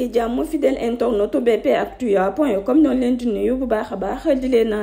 ki jàmm fidèle internaute BP Actu point com ñoo leen di nuyu bu baax a baax di leen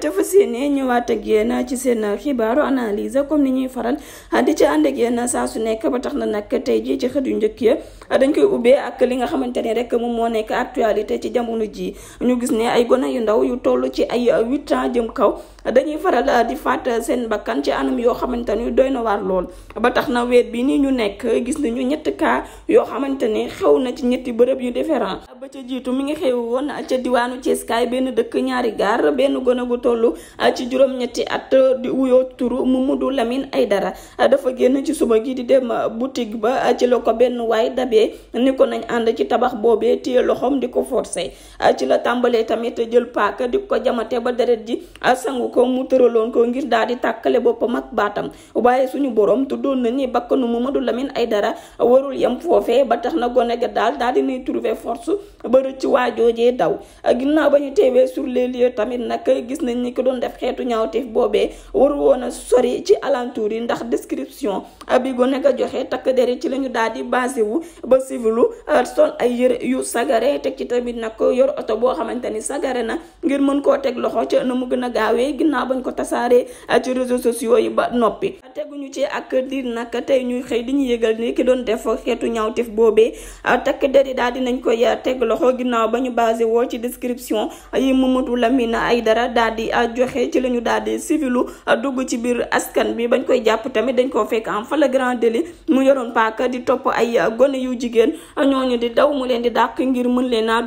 te fas yéene ñëwaat ak yéen ci seen xibaaru analyse comme ni ñuy faral di ci ànd ak yéen su nekk ba tax na nag tey ci xët yu njëkk ya dañ koy ubbee ak li nga xamante ni rek moom moo nekk actualité ci jamono ji ñu gis ne ay gone yu ndaw yu toll ci ay huit ans jëm kaw dañuy faral di faat seen bakkan ci anam yoo xamante ni doy na waar lool ba tax na weer bii ñu nekk gis nañu ñett cas yoo xamante xew na ci ñetti bërëb yu différent ba ca jiitu mi ngi xew woon ca diwaanu Thiès kaay benn dëkk ñaari gaar benn gone gu toll ci juróom-ñetti at di wuyoo turu Mamadou Lamine Aydara dafa génn ci suba gi di dem boutique ba ci ko benn waay dabee ni nañ ànd ci tabax boobee téye loxoom di ko forcé ci la tàmbalee tamit jël paaka di ko jamate ba deret ji sangu ko mu tëraloon ko ngir daal di tàkkale boppam ak baatam waaye suñu borom tuddoon na ni bakkanu Mamadou Lamine Aydara warul yem foofee ba tax na gone ga daal daal di trouver force ba rëcc waa joojee daw ginnaaw ba ñu teewee sur les lieux tamit nag gis nañ ni ko doon def xeetu ñaawteef boobee waru woon a sori ci alentour yi ndax description bi gone ga joxe takk dere ci la ñu daal di basé wu ba civilu euh, sol ay yëre yu sagare teg ci tamit nag yor oto boo xamante ni sagare na ngir mën koo teg loxo ca na mu gën a gaawee ginnaaw bañ ko tasaaree euh, ci réseaux sociaux yi ba noppi teguñu ci ak diir nag tey ñuy xëy di ñu yëgal ni ki doon def xeetu ñaawteef boobee euh, takk der yi daal dinañ koy euh, teg loxo ginnaaw ba ñu basé woo ci description yi Mamadou ay dara daal di euh, joxe ci la ñu daal di civilu euh, dugg ci biir askan bi bañ koy jàpp tamit dañ koo fekk en flagrant délit mu yoroon paaka di topp ay gone yu jigéen ñooñu di daw mu leen di dàq ngir mën leen a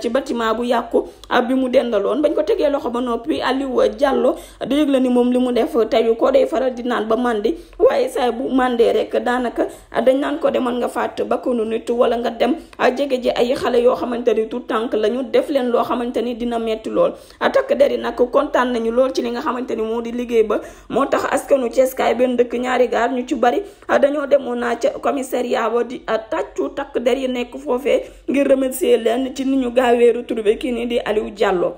ci bâtiment bu yàqu bi mu dendaloon bañ ko tegee loxo ba noppi Aliou Diallo di yëg la ni moom li mu def teyu ko day faral di naan ba màndi waaye saay bu màndee rek daanaka dañ naan ko demal nga fàtt bakkanu nit wala nga dem dem jege ji ay xale yoo xamante ni tout tànk la ñu def leen loo xamante ni dina metti lool takk der yi nag kontaan nañu lool ci li nga xamante ni moo di liggéey ba moo tax askanu Ceeskaay benn dëkk ñaari gaar ñu ci bari dañoo demoon naa ca commissariat ba di a tàccu takk der yi nekk foofe ngir remercier leen ci ni ñu gaawee retrouver kii nii di Aliou jàlloo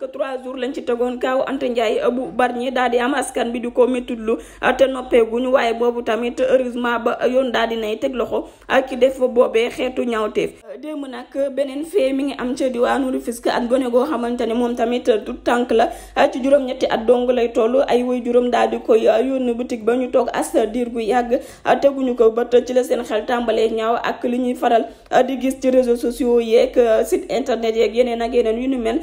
daanaka trois jours lañ ci tegoon kaaw ante Ndiaye euh, bu Bargny daal di am askan bi di ko méttudlu euh, te ñu waaye boobu tamit euh, heureusement ba yoon daal di nay teg loxo ak ki def boobee xeetu ñaawteef. démb nag beneen fee mi ngi am ca diwaanu Rufisque ak gone goo xamante ne moom tamit tout tànk la ci juróom-ñetti at dong lay toll ay woy juróom daal di koy yónni boutique ba ñu toog as diir bu yàgg teguñu ko ba ci la seen xel tàmbalee ñaaw ak li ñuy faral di gis ci réseaux sociaux yeeg site internet yeeg yeneen ak yeneen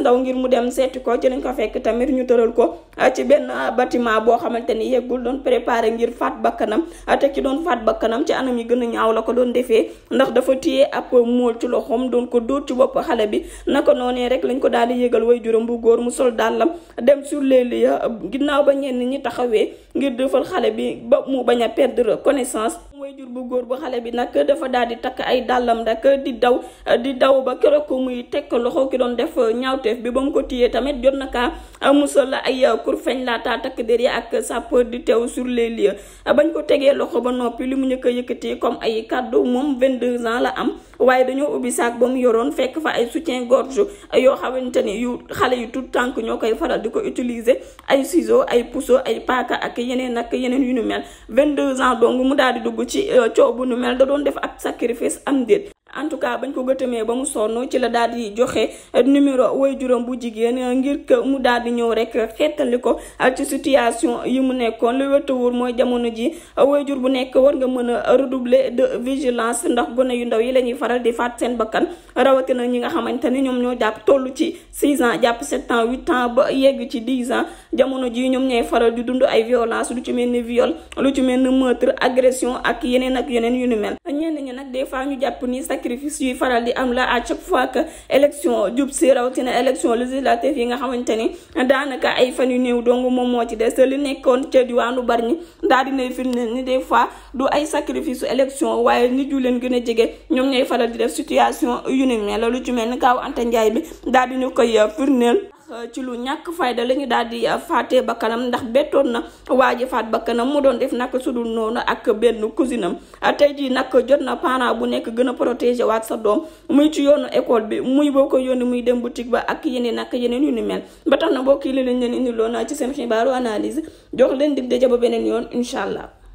ndaw ngir mu dem seeti ko ci lañ ko fekk tamit ñu tëral ko ah, ci benn ah, batiment boo xamante ni yeggul doon préparé ngir faat bakkanam ah, te ki doon faat bakkanam ci anam yi gën a ñaaw la ko doon defee ndax dafa téye ab mool ci loxoom doon ko dóor ci bopp xale bi naka noonee rek lañ ko daal di yëgal way juróom bu góor mu sol lam dem sur les lieux ginnaaw ba ñenn ñi taxawee ngir defal xale bi ba mu bañ a perdre connaissance jur bu góor bu xale bi nag dafa daal di takk ay dàllam rek di daw di daw ba keroog muy tekk loxo ki doon def ñaawteef bi ba mu ko téyee tamit jot na kaa musal ay laa taa takk der yi ak sapeur di teew sur les lieux bañ ko tegee loxo ba noppi li mu njëkk a yëkkati comme ay kàddu moom 22 ans la am. waaye dañoo ubbi saak ba mu yoroon fekk fa ay soutien gorge yoo xamante ni yu xale yu tout tànk ñoo koy faral di ko utiliser ay ciseaux ay puso ay paaka ak yeneen ak yeneen yu nu mel 22 ans donc mu daal di dugg ci euh, coow bu nu mel da doon def ab sacrifice am déet en tout cas bañ ko gëtëmee ba mu sonn ci la daal di joxe numéro woy juróom bu jigéen ngir que mu daal di ñëw rek xeetali ko ak ah, ci situation yi mu nekkoon lu wétawul mooy jamono ji woy jur bu nekk war nga mën a redoubler de vigilance ndax gone yu ndaw yi la ñuy faral di faat seen bakkan rawatina ñi nga xamante ni ñoom ñoo jàpp toll ci 6 ans jàpp 7 ans 8 ba yegg ci 10 ans jamono ji ñoom ñooy faral di dund ay violence lu ci mel ni viol lu ci mel ni agression ak yeneen ak yeneen yu ni mel ñenn sacrifice yuy faral di am la à chaque fois que élection jub si rawatina élection législative yi nga xamante ni daanaka ay fan yu néew dong moom moo ci des te li nekkoon ca diwaanu Bargny daal dinay firndeel ni des fois du ay sacrifice élection waaye nit yu leen gën a jege ñoom ñooy faral di def situation yu ni mel lu ci mel ni kaaw Anta Ndiaye bi daal dina koy firndeel Euh, ci lu ñàkk fayda lañu ñu daal di euh, faatee bakkanam ndax bettoon na waa ji faat bakkanam mu doon def naka sudul noonu ak benn cousinam euh, tey jii nag jot na parent bu nekk gën a protéger waat sa doom muy ci yoonu école bi muy boo ko yónni muy dem boutique ba ak yeneen ak yeneen yu ni mel ba tax na mbokk yi li leen leen indiloon ci seen xibaaru analyse jox leen di daje ba beneen yoon incha allah.